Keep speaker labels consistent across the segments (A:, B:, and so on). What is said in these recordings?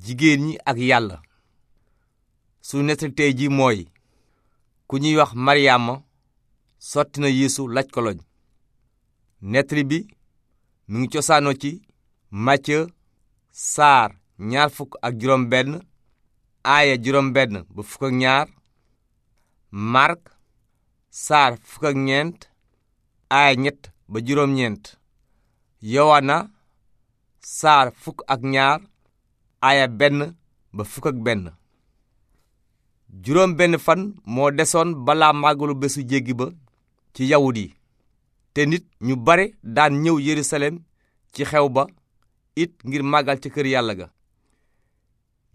A: jigéen ñi ak yàlla su nettali tey ji mooy ku ñuy wax maryaama sotti na yeesu laj koloñ nettali bi mu ngi cosaanoo ci macë saar ñaar fukk ak juróom benn aaya ñett ba juróom ñeent yowana saar fukk ak ñaar aaya benn benn juróom benn fan moo desoon balaa màggalu bésu jéggi ba ci yawut yi te nit ñu bare daan ñëw yerusalem ci xew ba it ngir màggal ci kër yàlla ga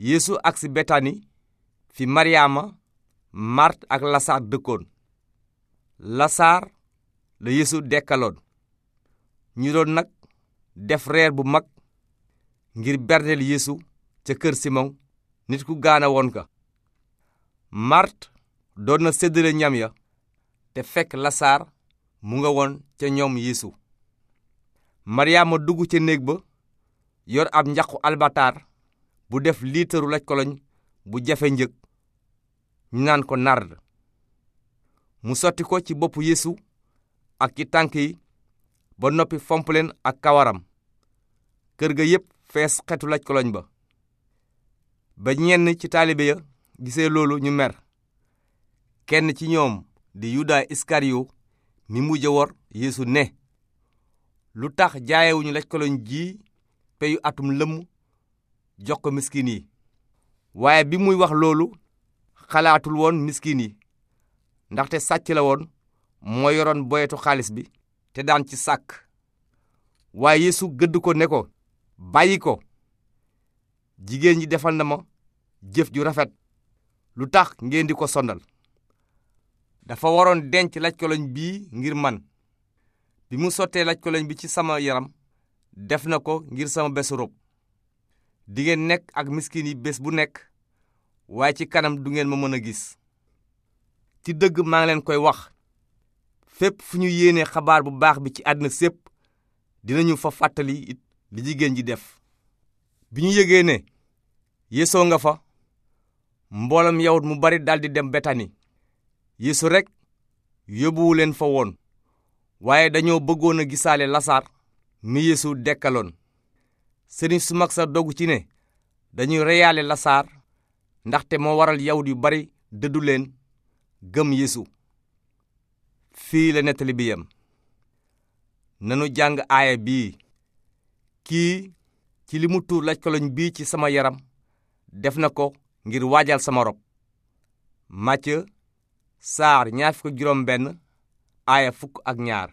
A: yéesu ak si fi maryaama màrt ak lasaar dëkkoon lasaar la yéesu dekkaloon ñu doon nag def reer bu mag ngir berndeel yéesu ca kër Simon nit ku gaana woon ka Màrt doon na séddale ñam ya te fekk Lasaar mu nga woon ca ñoom Yeesu Maryaama dugg ca néeg ba yor ab njaqu albatar bu def liitaru laj koloñ bu jafe njëg ñu naan ko nard mu sotti ko ci bopp yéesu ak ci tànk yi ba noppi fomp leen ak kawaram kër ga yépp fees xetu laj koloñ ba ba ñenn ci taalibe ya gisee loolu ñu mer kenn ci ñoom di yuda iskariyo mi mujj wor yéesu ne lu tax jaayewuñu laj koloñ ji peyu atum lëmm jox ko miskin yi waaye bi muy wax loolu xalaatul woon miskin yi ndaxte sàcc la woon moo yoroon boyetu xaalis bi te daan ci sàkk waaye yeesu gëdd ko ne ko bàyyi ko jigéen ñi defal na ma jëf ju rafet lu tax ngeen di ko sondal dafa waroon denc lajkoloñ bii ngir man bi mu sottee lajkoloñ bi ci sama yaram def na ko ngir sama bésu rob di nekk ak miskin yi bés bu nekk waaye ci kanam du ngeen ma mën a gis ci dëgg maa ngi leen koy wax fépp fu ñu yéenee xabaar bu baax bi ci àddina sépp dinañu fa fàttali it li jigéen ji def bi ñu yëgee ne yéesoo nga fa mboolam yawut mu bari daldi dem betani yéesu rekk yóbbuwuleen fa woon waaye dañoo bëggoon a gisaale lasaar mi yéesu dekkaloon sëriñ su mag sa dogu ci ne dañuy reyaale lasaar ndaxte moo waral yawut yu bari dëddu leen gëm yéesu fii la nettali bi yem nanu jàng aaya bii kii ci li mu tuur laj koloñ bii ci sama yaram def na ko ngir waajal sama rob Matthieu saar ñaar fukk juróom benn aaya fukk ak ñaar